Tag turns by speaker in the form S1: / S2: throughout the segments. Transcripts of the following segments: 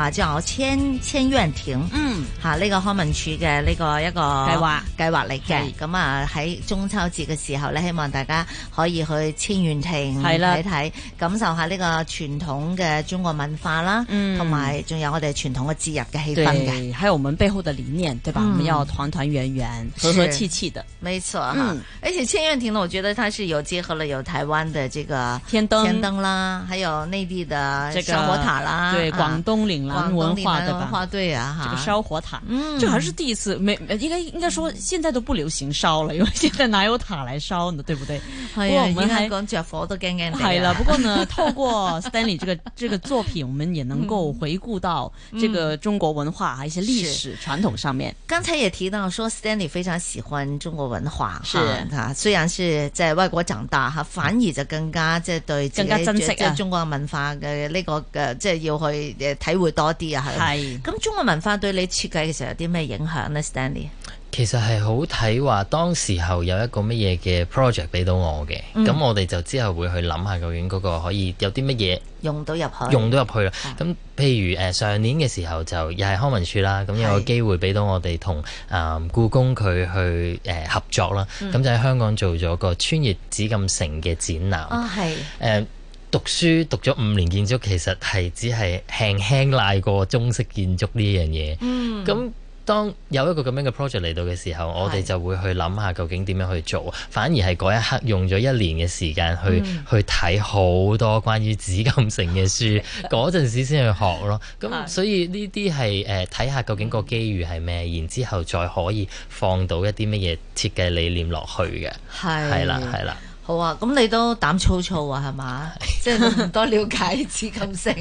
S1: 啊，即千千園亭，嗯，吓呢個康文署嘅呢個一個計劃計劃嚟嘅。咁啊喺中秋節嘅時候咧，希望大家可以去千園亭係啦，睇睇，感受下呢個傳統嘅中國文化啦，嗯，同埋仲有
S2: 我哋傳統嘅節日嘅氣氛嘅。對，還有我們背後的理念，對吧？我們要團團圓圓、和和氣
S1: 氣的，沒錯，哈。而且千園亭咧，我覺得它是有結合了有台灣的這個天燈，天燈啦，還有內地的香火塔啦，對，廣東嶺。文文化的文化對啊，哈，這個燒
S2: 火塔，嗯，這還是第一次，沒，應該應該說現在都不流行燒了，因為現在哪有塔來燒呢，對不對？係 啊，不過我們講着火都
S1: 驚驚了。係啦，啊，不過呢，
S2: 透過 Stanley 這個 這個作品，我們也能夠回顧到這個中國文化，還有一些歷史傳統上面。
S1: 剛才也提到說，Stanley 非常喜歡中國文化，是啊，他雖然是在外國長大，哈，反而就更加即係對自己更加珍惜、即係中國文化嘅呢、這個嘅，即係要去誒體會。多啲啊，係。咁是中國文化對你設計嘅時候有啲咩影響呢、Stanley? s t a n l e
S3: y 其實係好睇話，當時候有一個乜嘢嘅 project 俾到我嘅，咁、嗯、我哋就之後會去諗下究竟嗰個可以有啲乜嘢
S1: 用到入去，用到
S3: 入去啦。咁、嗯、譬如誒、呃、上年嘅時候就又係康文署啦，咁有個機會俾到我哋同誒故宮佢去誒、呃、合作啦，咁、嗯、就喺香港做咗個穿越紫禁城嘅展覽。哦，係。誒、嗯。讀書讀咗五年建築，其實係只係輕輕賴過中式建築呢樣嘢。咁、嗯、當有一個咁樣嘅 project 嚟到嘅時候，是我哋就會去諗下究竟點樣去做。反而係嗰一刻用咗一年嘅時間去、嗯、去睇好多關於紫禁城嘅書，嗰陣 時先去學咯。咁所以呢啲係誒睇下究竟個機遇係咩，是然之後再可以放到一啲乜嘢設計理念落去
S1: 嘅。係，係啦，係啦。好啊，咁你都膽粗粗啊，係嘛？即係唔多了解資金性，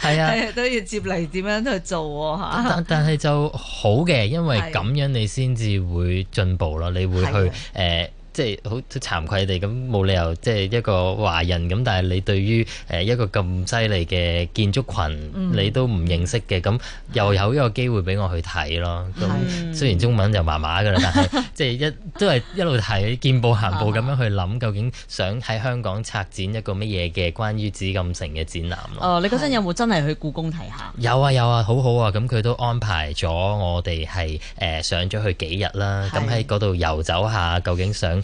S1: 係 啊， 都要接嚟點樣去做嚇、啊？但
S3: 但係就好嘅， 因為咁樣你先至會進步咯、啊，的你會去誒。的即係好都慚愧地咁冇理由，即係一個華人咁，但係你對於誒一個咁犀利嘅建築群，嗯、你都唔認識嘅，咁又有一個機會俾我去睇咯。咁是雖然中文就麻麻㗎啦，但係即係一 都係一路睇見步行步咁樣去諗，究竟想喺香港策展一個乜嘢嘅關於紫禁城嘅展覽咯。哦、
S2: 呃，你嗰陣有冇真係去故宮睇下？
S3: 是有啊有啊，好好啊！咁、嗯、佢都安排咗我哋係誒上咗去幾日啦。咁喺嗰度遊走下，究竟想～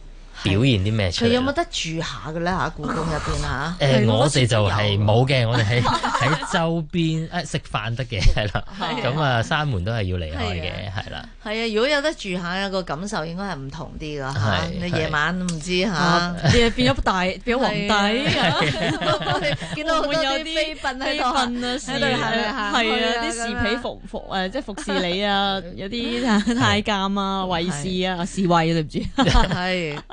S3: 表現啲咩？佢有
S1: 冇得住下嘅咧？嚇，故宮入邊嚇。誒，我哋就係
S3: 冇嘅，我哋喺喺周邊誒食飯得嘅，係啦。咁啊，閂門都係要離開嘅，係啦。
S1: 係啊，如果有得住下，個感受應該係唔同啲㗎。你夜晚唔知嚇，你變咗大變咗皇帝，見到好多啲妃嬪喺度瞓啊，係啊，啲侍婢服
S2: 唔服啊？即係服侍你啊，有啲太監啊、衛士
S1: 啊、侍衛對唔住，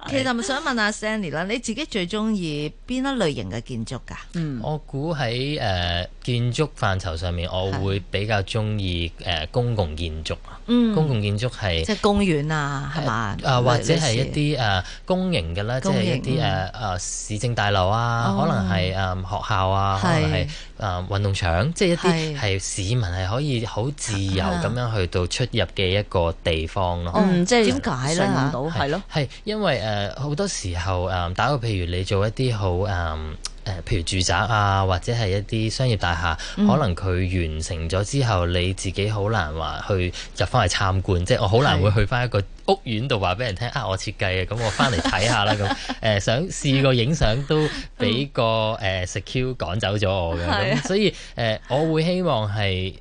S1: 係。你係咪想問阿 Sandy 啦，你自己最中意邊一類型嘅建築㗎？嗯，我估喺誒建築範疇上面，我
S3: 會比較中意誒公共建築啊。嗯，公共建築係即係
S1: 公園啊，係嘛？啊，或者係一啲
S3: 誒公營嘅啦，即係一啲誒誒市政大樓啊，可能係誒學校啊，可能係誒運動場，即係一啲係市民係可以好自由咁樣去到出入嘅一個地方咯。嗯，即係點解咧？啊，係咯，係因為誒。誒好多時候誒，打個譬如你做一啲好誒誒，譬如住宅啊，或者係一啲商業大廈，嗯、可能佢完成咗之後，你自己好難話去入翻嚟參觀。嗯、即係我好難會去翻一個屋苑度話俾人聽的、啊，我設計嘅，咁我翻嚟睇下啦。咁誒 想試個影相，都俾個誒食 Q 趕走咗我嘅、嗯。所以誒、呃，我會希望係。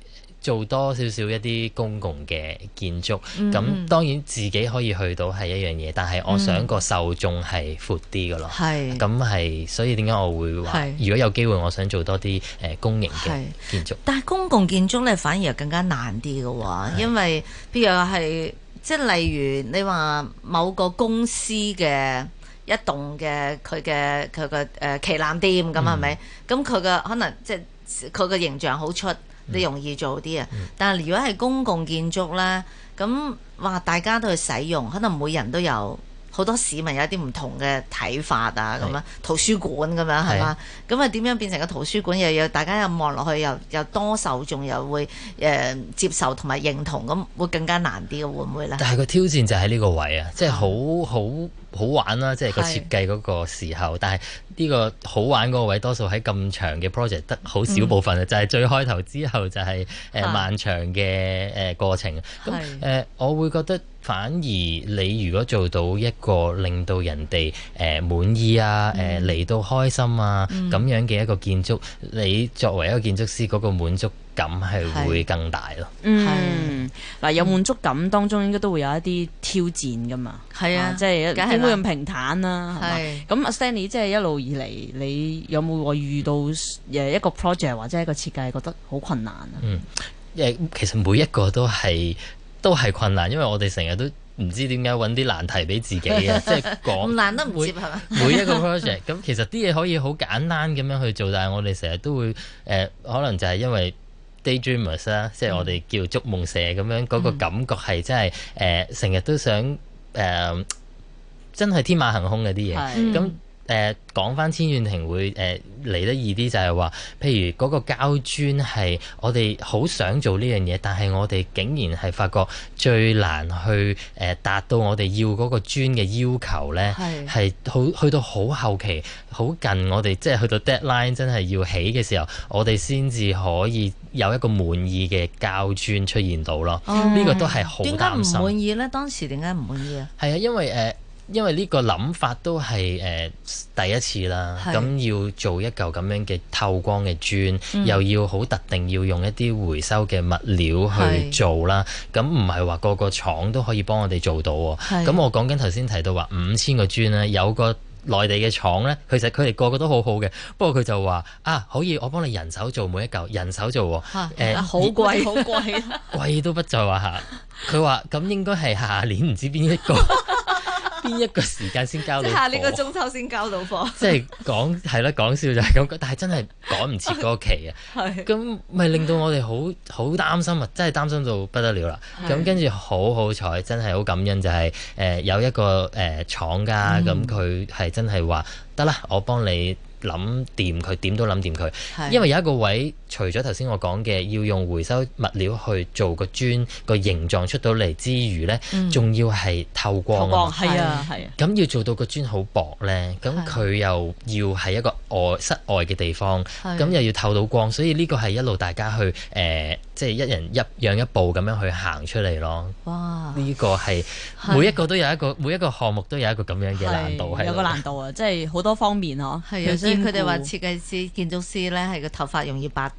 S3: 做多少少一啲公共嘅建築，咁、嗯、當然自己可以去到係一樣嘢，但係我想個受眾係闊啲嘅咯。係咁係，所以點解我會話，是如果有機會我想做多啲誒公營嘅建築，
S1: 但係公共建築咧，反而又更加難啲嘅是因為譬如係即係例如你話某個公司嘅一棟嘅佢嘅佢嘅誒旗艦店咁係咪？咁佢嘅可能即係佢嘅形象好出。你容易做啲啊！嗯、但係如果係公共建築咧，咁話大家都去使用，可能每人都有好多市民有啲唔同嘅睇法啊，咁樣是圖書館咁樣係嘛？咁啊點樣變成個圖書館又要大家又望落去又又多受眾又會誒、呃、接受同埋認同，咁會更加難啲嘅會唔會呢？但係
S3: 個挑戰就喺呢個位啊，即係好好。好玩啦，即係個設計嗰個時候。是但係呢個好玩嗰個位，多數喺咁長嘅 project 得好少部分啊，嗯、就係最開頭之後，就係誒漫長嘅誒過程。咁誒，我會覺得反而你如果做到一個令到人哋誒、呃、滿意啊、誒嚟、嗯呃、到開心啊咁樣嘅一個建築，嗯、你作為一個建築師嗰個滿足感係會更大咯。
S2: 嗯，嗱是，有滿、嗯、足感當中應該都會有一啲挑戰噶嘛。係啊，即係點會咁平坦啦、啊？係是。咁阿 Stanley，即係一路以嚟，你有冇話遇到誒一個 project 或者一個設計，覺得好困難啊？
S3: 嗯，誒，其實每一個都係都係困難，因為我哋成日都唔知點解揾啲難題俾自己嘅，即係 講。唔 難得唔
S1: 接係嘛？每， 每一個 project，
S3: 咁 其實啲嘢可以好簡單咁樣去做，但係我哋成日都會誒、呃呃，可能就係因為。呃呃呃 Daydreamers a y d 啦，ers, 嗯、即係我哋叫逐夢社咁樣嗰、嗯、個感覺是是，係真係誒成日都想誒、呃，真係天馬行空嘅啲嘢。咁誒是、嗯嗯、講翻千綵亭會誒嚟、呃、得易啲，就係話，譬如嗰個膠磚係我哋好想做呢樣嘢，但係我哋竟然係發覺最難去誒、呃、達到我哋要嗰個磚嘅要求咧，係好是去到好後期，好近我哋即係去到 deadline 真係要起嘅時候，我哋先至可以。有一個滿意嘅膠磚出現到咯，呢、嗯、個都係好擔心。點解唔滿
S1: 意咧？當時點解唔滿意啊？
S3: 係啊，因為誒、呃，因為呢個諗法都係誒、呃、第一次啦。咁的要做一嚿咁樣嘅透光嘅磚，嗯、又要好特定要用一啲回收嘅物料去做啦。咁唔係話個個廠都可以幫我哋做到喎。咁的我講緊頭先提到話五千個磚咧，有個。內地嘅廠呢，其實佢哋個個都好好嘅，不過佢就話啊，可以我幫你人手做每一嚿，人手做，誒好貴 好貴
S2: 啦，
S3: 貴， 貴都不在話下，佢話咁應該係下年唔知邊一個。 邊 一個時間先交？到下呢個中
S1: 秋先交到貨。即係
S3: 講係咯，講笑就係咁，但係真係趕唔切嗰期啊。咁咪 是令到我哋好好擔心啊！真係擔心到不得了啦、啊。咁跟住好好彩，真係好感恩就係、是、誒、呃、有一個誒、呃、廠家，咁佢係真係話得啦，我幫你諗掂佢，點都諗掂佢。因為有一個位。除咗頭先我講嘅要用回收物料去做個磚個形狀出到嚟之餘呢，仲要係透光啊，啊，係啊。咁要做到個磚好薄呢，咁佢又要係一個外室外嘅地方，咁又要透到光，所以呢個係一路大家去誒，即係一人一讓一步咁樣去行出嚟咯。哇！
S2: 呢
S3: 個係每一個都有一個每一個項目都有一個咁樣嘅難度係。有個難
S2: 度啊，即係好多方面囉。係啊，所以
S1: 佢哋話設計師、建築師呢係個頭髮容易白。啲嘅，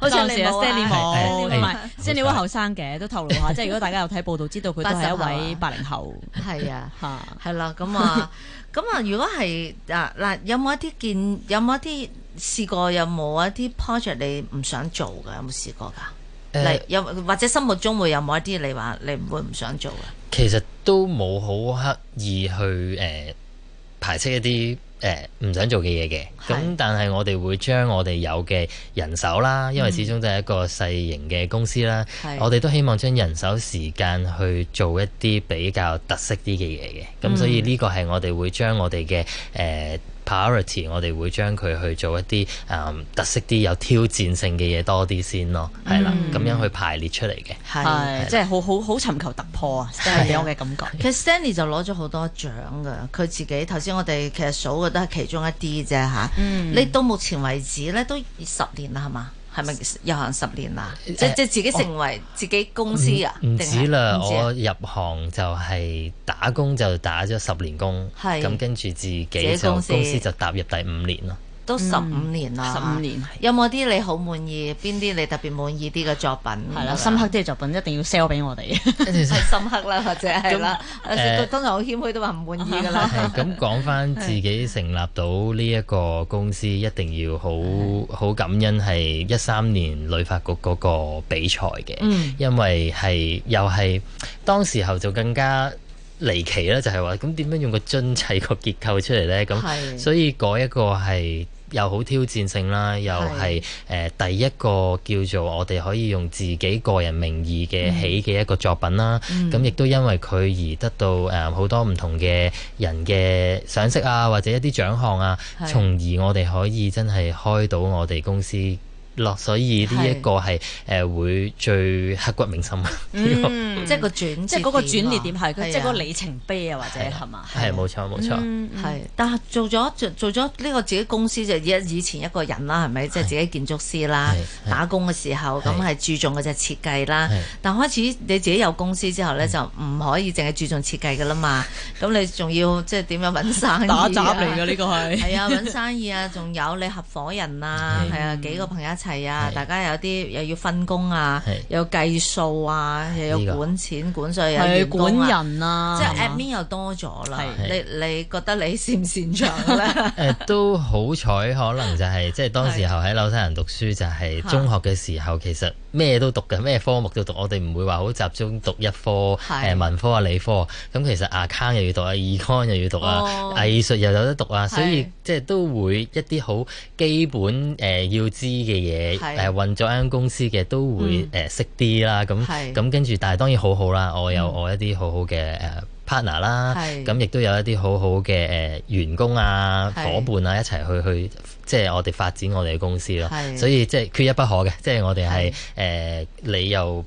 S1: 好似你阿 Senior，唔係
S2: Senior 好後生嘅，都透露下，即係如果大家有睇報道，知道佢都係一位八零後，係啊，嚇，係啦，咁啊，咁啊，如果係嗱
S1: 嗱，有冇一啲見，有冇一啲試過，有冇一啲 project 你唔想做㗎，有冇試過㗎？誒，
S3: 有
S1: 或者心目中會有冇一啲你話你唔會唔想做嘅？
S3: 其實都冇好刻意去誒排斥一啲。誒唔、呃、想做嘅嘢嘅，咁、嗯、但係我哋會將我哋有嘅人手啦，因為始終都係一個細型嘅公司啦，嗯、我哋都希望將人手時間去做一啲比較特色啲嘅嘢嘅，咁、嗯、所以呢個係我哋會將我哋嘅誒。呃 Priority，我哋會將佢去做一啲誒、嗯、特色啲、有挑戰性嘅嘢多啲先咯，係啦，咁樣去排列出嚟嘅，係是的即
S2: 係好好好尋求突破啊
S1: Stanley。俾我嘅感覺，的的其實 Stanley 就攞咗好多獎㗎，佢自己頭先我哋其實數嘅都係其中一啲啫嚇，mm. 你到目前為止咧都十年啦係嘛？係咪入行十年啦？即即、呃、自己成為自己公司啊？唔、呃、止啦，止我
S3: 入行就係打工就打咗十年工，咁係跟住自己，自己公司，公司就踏入第五年咯。
S1: 都十五年啦，十五、嗯、年有冇啲你好滿意，邊啲 你特別滿意啲嘅作品？係啦、啊，深刻啲嘅作品一定要 sell 俾我哋，係深刻啦，或者係啦，當然好謙虛都話唔滿意㗎啦。
S3: 咁講翻自己成立到呢一個公司，一定要好好感恩係一三年旅發局嗰個比賽嘅，因為係又係當時候就更加。 離奇咧，就係話咁點樣用個樽砌個結構出嚟呢？咁是所以嗰一個係又好挑戰性啦，是又係誒、呃、第一個叫做我哋可以用自己個人名義嘅起嘅一個作品啦。咁亦、嗯、都因為佢而得到誒好、呃、多唔同嘅人嘅賞識啊，或者一啲獎項啊，從是而我哋可以真係開到我哋公司。咯，所以呢一個係誒會最刻骨銘心啊！
S1: 即係個轉，即係嗰個轉捩點係，即係嗰個里程碑啊，或者係
S2: 嘛？係冇錯冇錯，
S3: 係
S1: 但係做咗做咗呢個自己公司就以前一個人啦，係咪？即係自己建築師啦，打工嘅時候咁係注重嘅就設計啦。但係開始你自己有公司之後咧，就唔可以淨係注重設計㗎啦嘛。咁你仲要即係點樣揾生意？打雜嚟㗎呢個係係啊揾生意啊，仲有你合夥人啊，係啊幾個朋友一齊啊！大家有啲又要分工啊，又要計數啊，又要管錢管稅又要管人啊，即係 admin 又多咗啦。你你覺得你擅唔擅長
S3: 咧？誒，都好彩，可能就係即係當時候喺紐西蘭讀書就係中學嘅時候，其實。咩都讀嘅，咩科目都讀。我哋唔會話好集中讀一科，誒是、呃、文科啊、理科。咁其實 account 又要讀啊 econ 又要讀啊，藝術、哦、又有得讀啊。是所以即係都會一啲好基本誒、呃、要知嘅嘢，誒是、呃、運作間公司嘅都會誒、嗯、識啲啦。咁咁跟住，嗯、是但係當然好好啦。我有、嗯、我一啲好好嘅誒。呃 partner 啦，咁亦都有一啲好好嘅誒員工啊、伙伴啊一齊去去，即係我哋發展我哋嘅公司咯。的所以即係缺一不可嘅，即係我哋係誒，你又。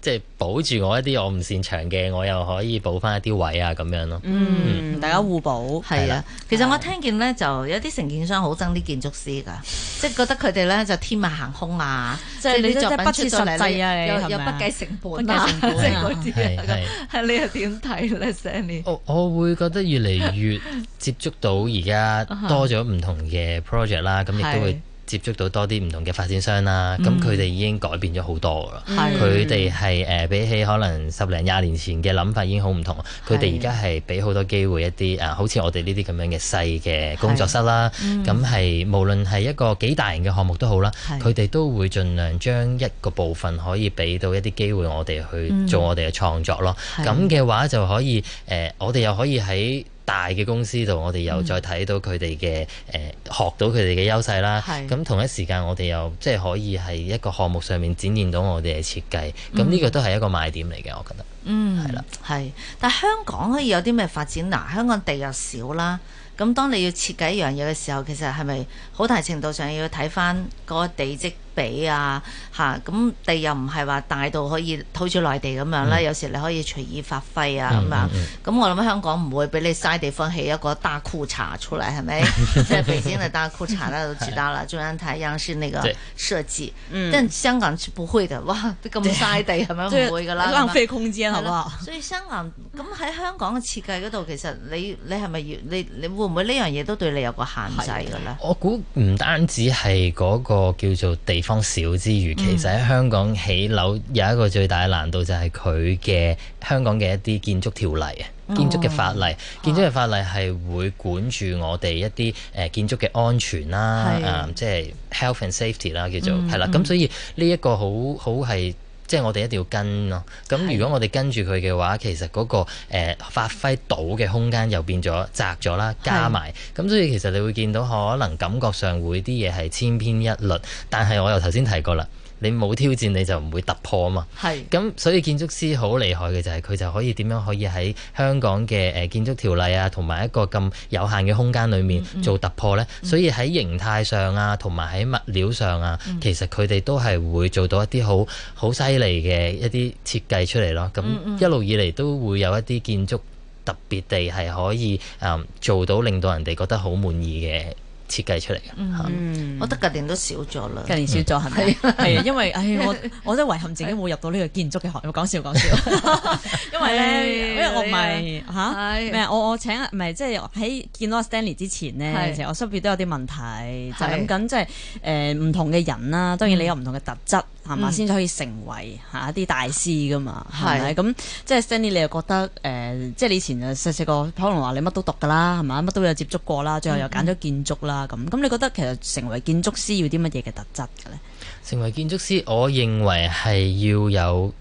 S3: 即係保住我一啲我唔擅長嘅，我又可以補翻一啲位啊，咁樣咯。嗯，嗯
S1: 大家互補，係啊。其實我聽見咧，就有啲承建商好憎啲建築師㗎，index 即係覺得佢哋咧就天馬行空啊，即係你作品出咗嚟啊，又不計成本啊，即係我自己係你又點睇咧，Sandy？
S3: 我我會覺得
S1: 越嚟越
S3: 接觸到而家多咗唔同嘅 project 啦，咁亦都會。接觸到多啲唔同嘅發展商啦，咁佢哋已經改變咗好多啦。佢哋係誒比起可能十零廿年前嘅諗法已經好唔同。佢哋而家係俾好多機會一啲誒、呃，好似我哋呢啲咁樣嘅細嘅工作室啦。咁係、嗯、無論係一個幾大型嘅項目都好啦，佢哋、嗯、都會盡量將一個部分可以俾到一啲機會我哋去做我哋嘅創作咯。咁嘅、嗯、話就可以誒、呃，我哋又可以喺大嘅公司度，我哋又再睇到佢哋嘅誒學到佢哋嘅優勢啦。咁是同一時間，我哋又即係可以喺一個項目上面展現到我哋嘅設計。咁呢、嗯、個都係一個賣點嚟嘅，我覺得。嗯，
S1: 係啦，係。但香港可以有啲咩發展嗱、呃？香港地又少啦。咁當你要設計一樣嘢嘅時候，其實係咪好大程度上要睇翻個地積？地啊，嚇咁地又唔係話大到可以好似內地咁樣啦。有時你可以隨意發揮啊咁樣。咁我諗香港唔會俾你嘥地方起一個大褲衩出嚟，係咪？即北京的大褲衩大家都知道啦，中央台、央視呢個設計。但係香港唔會嘅，哇！都咁嘥地，係咪唔會㗎啦？浪費空間係嘛？所以香港，咁喺香港嘅設計嗰度，其實你，你係咪要，你，你會唔會呢樣嘢都對你有個限制㗎咧？我估
S3: 唔單止係嗰個叫做地。當少之餘，嗯、其實喺香港起樓有一個最大嘅難度就，就係佢嘅香港嘅一啲建築條例啊，建築嘅法例，oh. 建築嘅法例係會管住我哋一啲誒、呃、建築嘅安全啦，啊，即係是、呃就是、health and safety 啦、啊，叫做係、嗯嗯、啦。咁所以呢一個好好係。即係我哋一定要跟咯，咁如果我哋跟住佢嘅話，其實嗰、那個誒、呃、發揮到嘅空間又變咗窄咗啦，加埋，咁的所以其實你會見到可能感覺上會啲嘢係千篇一律，但係我又頭先提過啦。你冇挑戰你就唔會突破啊嘛，係是。咁所以建築師好厲害嘅就係、是、佢就可以點樣可以喺香港嘅誒、呃、建築條例啊同埋一個咁有限嘅空間裡面做突破呢？嗯、嗯所以喺形態上啊，同埋喺物料上啊，嗯、其實佢哋都係會做到一啲好好犀利嘅一啲設計出嚟咯。咁、嗯、嗯、一路以嚟都會有一啲建築特別地係可以誒、嗯、做到令到人哋覺得好滿意
S1: 嘅。設計出嚟嘅，嗯，我覺得個年都少咗啦，今年少咗係咪？係啊，因
S2: 為我我都遺憾自己冇入到呢個建築嘅學，講笑講笑。因為咧，因為我唔係嚇咩？我我請唔係即係喺見到阿 Stanley 之前咧，其實我身邊都有啲問題，就諗緊即係誒唔同嘅人啦。當然你有唔同嘅特質係嘛，先至可以成為嚇一啲大師噶嘛，係咪？咁即係 Stanley，你又覺得誒？即係你以前誒細細個可能話你乜都讀噶啦，係嘛？乜都有接觸過啦，最後又揀咗建築啦。咁咁，你覺得其實成為建築師要啲乜嘢嘅特質嘅咧？成為建築師，
S3: 我認為係要有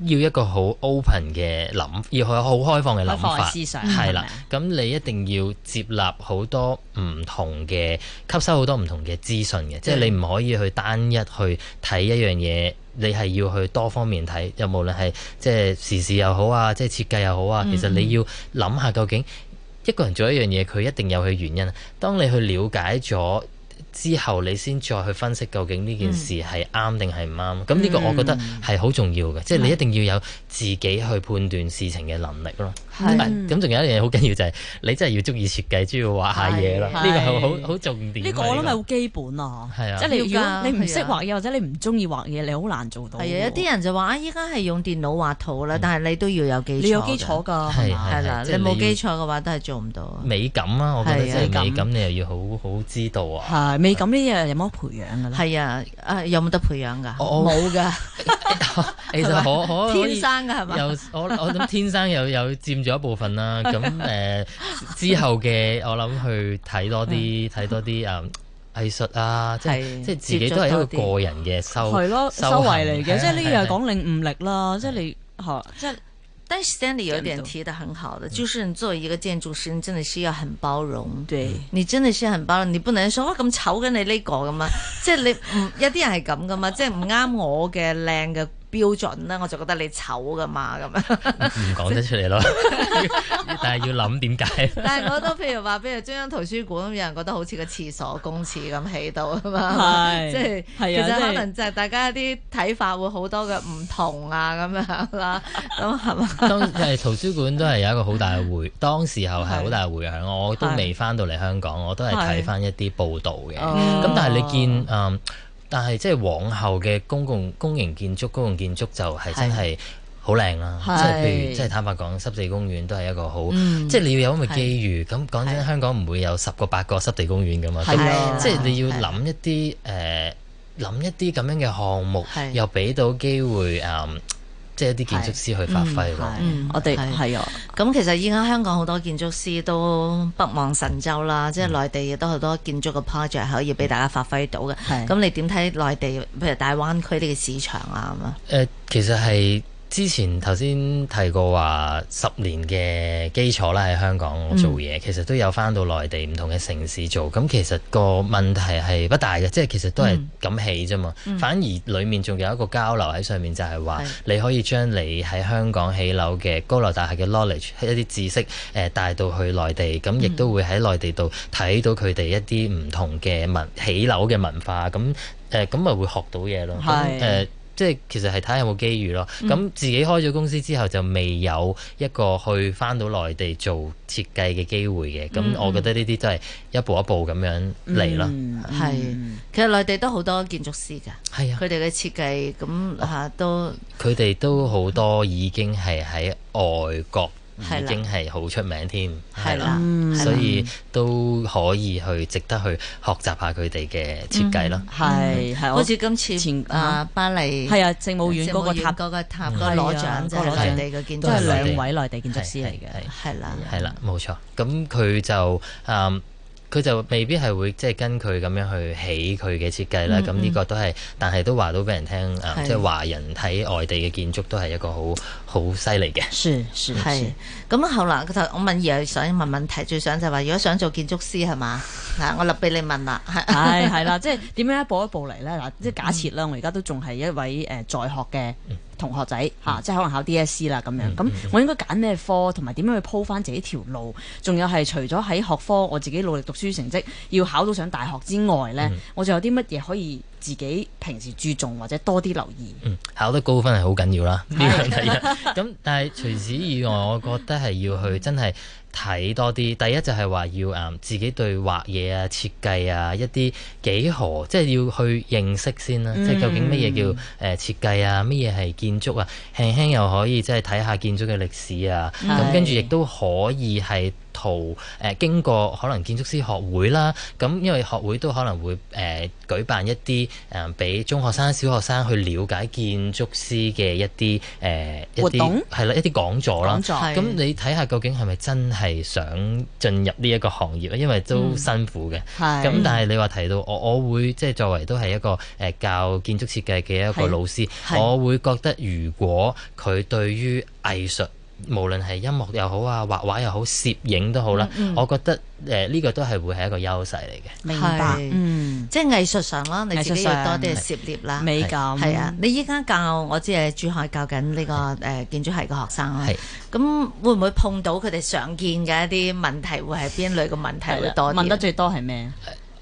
S3: 要一個好 open 嘅諗，要係好開放嘅諗法。開放嘅思想係啦。咁了嗎你一定要接納好多唔同嘅，吸收好多唔同嘅資訊嘅，即係你唔可以去單一去睇一樣嘢，你係要去多方面睇。又無論係即係時事又好啊，即係設計又好啊，其實你要諗下究竟。一個人做一樣嘢，佢一定有佢原因。當你去了解咗之後，你先再去分析究竟呢件事係啱定係唔啱。咁呢、嗯、個我覺得係好重要嘅，嗯、即係你一定要有自己去判斷事情嘅能力咯。咁，仲有一樣嘢好緊要就係你真係要中意設計，中意畫下嘢啦。呢個係好好重點。呢個我諗係好
S2: 基本啊。係啊，即係你如果你唔識畫嘢，或者你唔中意畫
S1: 嘢，你好難做到。係啊，有啲人就話啊，依家係用電腦畫圖啦，但係你都要有基礎。你有基礎㗎，係嘛？係啦，你冇基礎嘅話都係做唔到。
S3: 啊。美感啊，我覺得即係美感，你又要好好知道啊。
S1: 係美感呢樣有冇得培養㗎？係啊，有冇得培養㗎？冇㗎。其實天生㗎係嘛？我我諗
S3: 天生又有。佔。有一部分啦，咁誒、 嗯，之後嘅我諗去睇多啲睇 多啲誒藝術啊，
S2: 即係是即係自己都係，一個個
S3: 人嘅修，修
S2: 為嚟嘅，嗯、即係呢樣講領悟力咯，即係
S1: 你嚇，即係但 Stanley 有啲人睇得很好的，是就算作為一個建築師，你真係需要很包容，對是你真係需要很包容，你不能話咁醜嘅你呢個咁嘛，即係 你唔有啲人係咁噶嘛，即係唔啱我嘅靚嘅。標準呢，我就覺得你醜噶嘛，咁樣
S3: 唔講得出嚟咯， 但係要諗點解？
S1: 但係我都譬如話，譬如中央圖書館，有人覺得好似個廁所公廁咁喺度啊嘛，即係其實可能就係大家一啲睇法會好多嘅唔同啊，咁樣啦，咁係嘛？ 當誒
S3: 圖書館都係有一個好大嘅回，當時候係好大嘅回響，是我都未翻到嚟香港，我都係睇翻一啲報道嘅，咁是、嗯、但係你見誒。嗯但係即係往後嘅公共公營建築、公共建築就係真係好靚啦，是即係譬如，即係坦白講，濕地公園都係一個好，嗯、即係你要有咁嘅機遇。咁講真，是香港唔會有十個八個濕地公園噉嘛，的即係你要諗一啲誒，諗的、呃、一啲咁樣嘅項目，的又俾到機會誒。Um, 即係一啲建築師去發揮咯。嗯，我哋係
S1: 啊。咁其實依家香港好多建築師都北望神州啦，嗯、即係內地亦都好多建築嘅 project 可以俾大家發揮到嘅。咁、嗯、你點睇內地，譬如大灣區呢個市場啊咁樣？
S3: 誒、呃，其實係。之前頭先提過話十年嘅基礎啦，喺香港做嘢，嗯、其實都有返到內地唔同嘅城市做。咁其實個問題係不大嘅，即係其實都係咁起啫嘛。嗯、反而裡面仲有一個交流喺上面就，就係話你可以將你喺香港起樓嘅高樓大廈嘅 knowledge，一啲知識誒帶、呃、到去內地，咁亦都會喺內地度睇到佢哋一啲唔同嘅文起樓嘅文化。咁誒咁咪會學到嘢咯。係誒是。即係其實係睇下有冇機遇咯。咁自己開咗公司之後，嗯、就未有一個去返到內地做設計嘅機會嘅。咁我覺得呢啲都係一步一步咁樣嚟咯。係、
S1: 嗯，其實內地都好多建築師㗎，係啊，佢哋嘅設計咁嚇、啊、都。
S3: 佢哋都好多已經係喺外國。已經係好出名添，係啦，所以都可以去，值得去學習下佢哋嘅設計咯。係，好似
S1: 今次前啊巴黎係啊，聖母院嗰個塔嗰個塔攞獎，即係內地嘅建築，即係兩位內地建築師嚟嘅，係啦，係啦，
S3: 冇錯。咁佢就嗯。佢就未必係會即係跟佢咁樣去起佢嘅設計啦，咁呢、嗯嗯、個都係，但係都話到俾人聽啊，是的 即係華人喺外地嘅建築都係一個好好犀利嘅。係係，係。
S1: 咁啊，後嚟我問嘢係想問問題，最想就係、是、話，如果想做建築師係嘛？嗱，
S2: 我立畀你問啦。係係啦，即係點樣一步一步嚟咧？嗱，即係假設啦，我而家都仲係一位誒在學嘅。嗯嗯同學仔嚇、嗯啊，即係可能考 DSE 啦咁樣，咁、嗯嗯、我應該揀咩科，同埋點樣去鋪翻自己條路？仲有係除咗喺學科我自己努力讀書成績要考到上大學之外呢，嗯、我仲有啲乜嘢可以？自己平時注重或者多啲留意，嗯，
S3: 考得高分係好緊要啦。呢樣第一，咁但係除此以外， 我覺得係要去真係睇多啲。第一就係話要誒自己對畫嘢啊、設計啊一啲幾何，即係要去認識先啦、啊。嗯、即係究竟乜嘢叫誒設計啊？乜嘢係建築啊？輕輕又可以即係睇下建築嘅歷史啊。咁、嗯嗯、跟住亦都可以係。途誒經過可能建築師學會啦，咁因為學會都可能會誒、呃、舉辦一啲誒俾中學生、小學生去了解建築師嘅一啲誒、呃、活動，係啦一啲講座啦。講座，咁你睇下究竟係咪真係想進入呢一個行業？因為都辛苦嘅。咁、嗯、但係你話提到我，我會即係作為都係一個誒、呃、教建築設計嘅一個老師，我會覺得如果佢對於藝術。無論係音樂又好啊，畫畫又好，攝影都好啦。嗯嗯，我覺得誒，呢、呃，這個都係會係一個優勢
S1: 嚟嘅。明白，嗯，即係藝術上咯，你自己又多啲涉獵啦。美教感係啊，你依家教我知係珠海教緊呢、這個誒是、呃、建築系嘅學生啦。咁是 會唔會碰到佢哋常見嘅一啲問題？會係邊類嘅問題會多啲？問得最多係咩？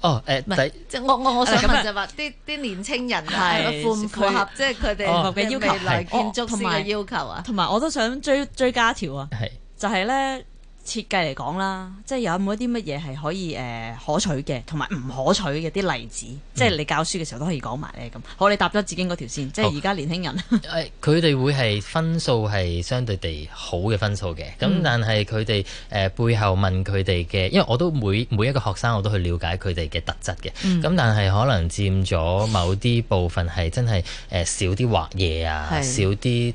S2: 哦，誒，唔係，
S1: 即係我我我想問就話啲啲年青人係符唔符合，即係佢哋嘅要求，建築師嘅要
S2: 求啊，同埋我都想追追加條啊，就係咧。設計嚟講啦，即係有冇一啲乜嘢係可以誒、呃、可取嘅，同埋唔可取嘅啲例子，即係你教書嘅時候都可以講埋咧咁。好，你答咗自己嗰條線，即係而家年輕人。誒 Okay. 哎，
S3: 佢哋會係分數係相對地好嘅分數嘅，咁、嗯、但係佢哋誒背後問佢哋嘅，因為我都每每一個學生我都去了解佢哋嘅特質嘅，咁、嗯、但係可能佔咗某啲部分係真係誒 少啲畫嘢啊，啊，少啲。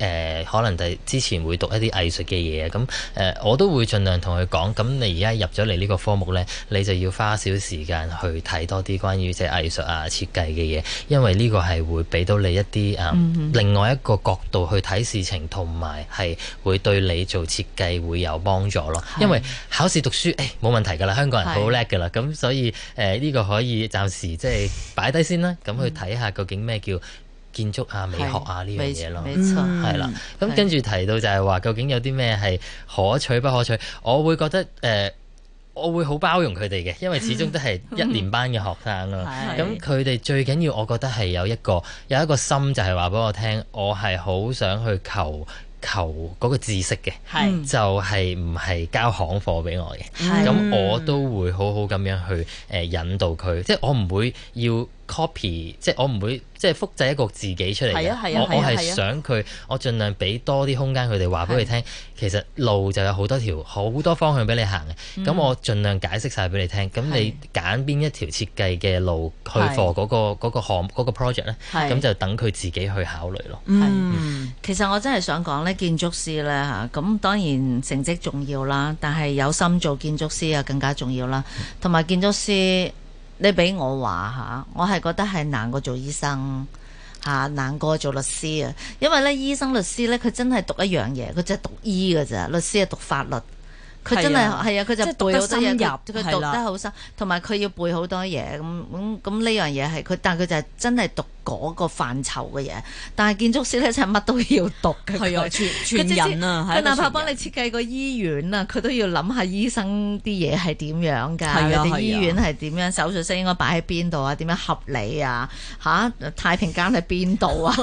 S3: 誒、呃、可能就係之前會讀一啲藝術嘅嘢，咁、嗯、誒、呃、我都會盡量同佢講。咁、嗯、你而家入咗嚟呢個科目呢，你就要花少少時間去睇多啲關於即係藝術啊、設計嘅嘢，因為呢個係會俾到你一啲啊、呃、另外一個角度去睇事情，同埋係會對你做設計會有幫助咯。因為考試讀書誒冇、哎、問題㗎啦，香港人好叻㗎啦，咁是所以誒呢、呃這個可以暫時即係擺低先啦，咁去睇下究竟咩叫建築啊、美學啊呢樣嘢咯，係、嗯、啦。咁、嗯嗯、跟住提到就係話，究竟有啲咩係可取不可取？我會覺得誒、呃，我會好包容佢哋嘅，因為始終都係一年班嘅學生咯。咁佢哋最緊要，我覺得係有一個有一個心，就係話俾我聽，我係好想去求求嗰個知識嘅，嗯、就係唔係交行貨俾我嘅。咁、嗯、我都會好好咁樣去誒、呃、引導佢，即係我唔會要 copy，即係我唔會。即係複製一個自己出嚟嘅，我我係想佢，我儘量俾多啲空間佢哋，話俾佢聽，其實路就有好多條，好多方向俾你行嘅。咁我儘量解釋晒俾你聽，咁你揀邊一條設計嘅路去貨嗰個嗰個項目個 project 呢？咁就等佢自己去考慮咯。
S1: 其實我真係想講呢，建築師呢，嚇，咁當然成績重要啦，但係有心做建築師又更加重要啦，同埋建築師。你俾我話吓，我係覺得係難過做醫生吓，難過做律師啊，因為咧醫生律師咧，佢真係讀一樣嘢，佢只係讀醫噶咋，律師係讀法律。佢真係係啊！佢就背好多嘢，佢讀得好深，同埋佢要背好多嘢。咁咁咁呢樣嘢係佢，但係佢就係真係讀嗰個範疇嘅嘢。但係建築師咧，就係乜都要讀嘅，全全人啊！佢哪怕幫你設計個醫院啊，佢都要諗下醫生啲嘢係點樣噶？人哋醫院係點樣？手術室應該擺喺邊度啊？點樣合理啊？吓太平間喺邊度啊？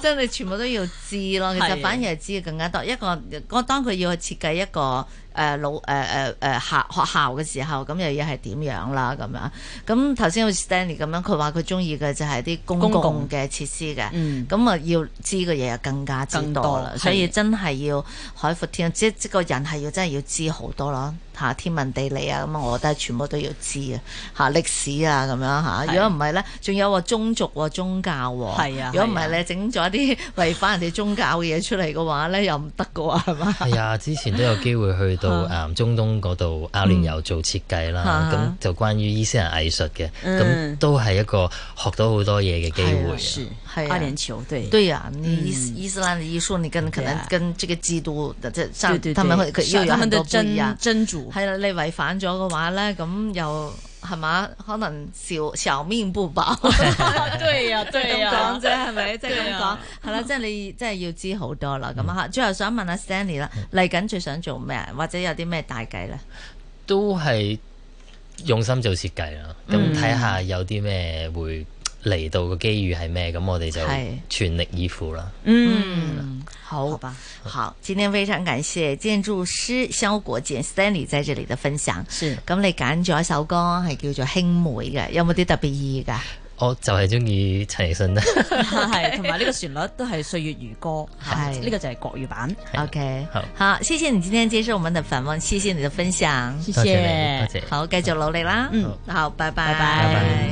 S1: 真係全部都要知咯。其實反而係知更加多。一個，我當佢要去設計一個。誒老誒誒誒校學校嘅時候，咁又要係點樣啦？咁樣咁頭先好似 Stanley 咁樣，佢話佢中意嘅就係啲公共嘅設施嘅，咁啊、嗯、要知嘅嘢又更加之多啦，多、所以、所以真係要海闊天空，即即個人係要真係要知好多咯。嚇天文地理啊，咁我覺得全部都要知啊。嚇歷史啊咁樣嚇，如果唔係咧，仲有話宗族、啊、宗教、啊，如果唔係你整咗啲違反人哋宗教嘅嘢出嚟嘅話咧，又唔得嘅喎，係嘛？係啊，
S3: 之前都有機會去。到啊中東嗰度阿聯酋做設計啦，咁、嗯、就關於伊斯蘭藝術嘅，咁、嗯、都係一個學到好多嘢嘅機會。
S1: 係阿聯酋對對呀、啊，嗯、你伊斯伊斯蘭的藝術你跟可能跟這個基督的這上，他們又有很多不一、啊、真，真主。係啦、啊，你違反咗嘅話咧，咁又。係嘛？可能小小命不保。 對呀，對呀，咁講啫，係咪？即係咁講，係啦 呀，即係 你，即係要知好多啦。咁啊、嗯，最後想問、啊 ley, 嗯、下 Stanley 啦，嚟緊最想做咩？或者有啲咩大計咧？都係用
S3: 心做設計啦。咁睇下有啲咩會。嗯嗯嚟到個機遇係咩？咁我哋就全力以赴啦。嗯，
S1: 好吧。好，今天非常感謝建築師蕭國健 Stanley 仔仔嚟到分享。是。咁你揀咗一首歌係叫做《兄妹》嘅，有冇啲特別意義㗎？
S3: 我就係中意陳奕迅啦。
S2: 係，同埋呢個旋律都係歲月如歌。係，
S1: 呢個就係國語版。OK，好。好，謝謝你今天接受我們的訪問，謝謝你的分享，謝謝。好，繼續努力啦。嗯，好，拜拜拜拜。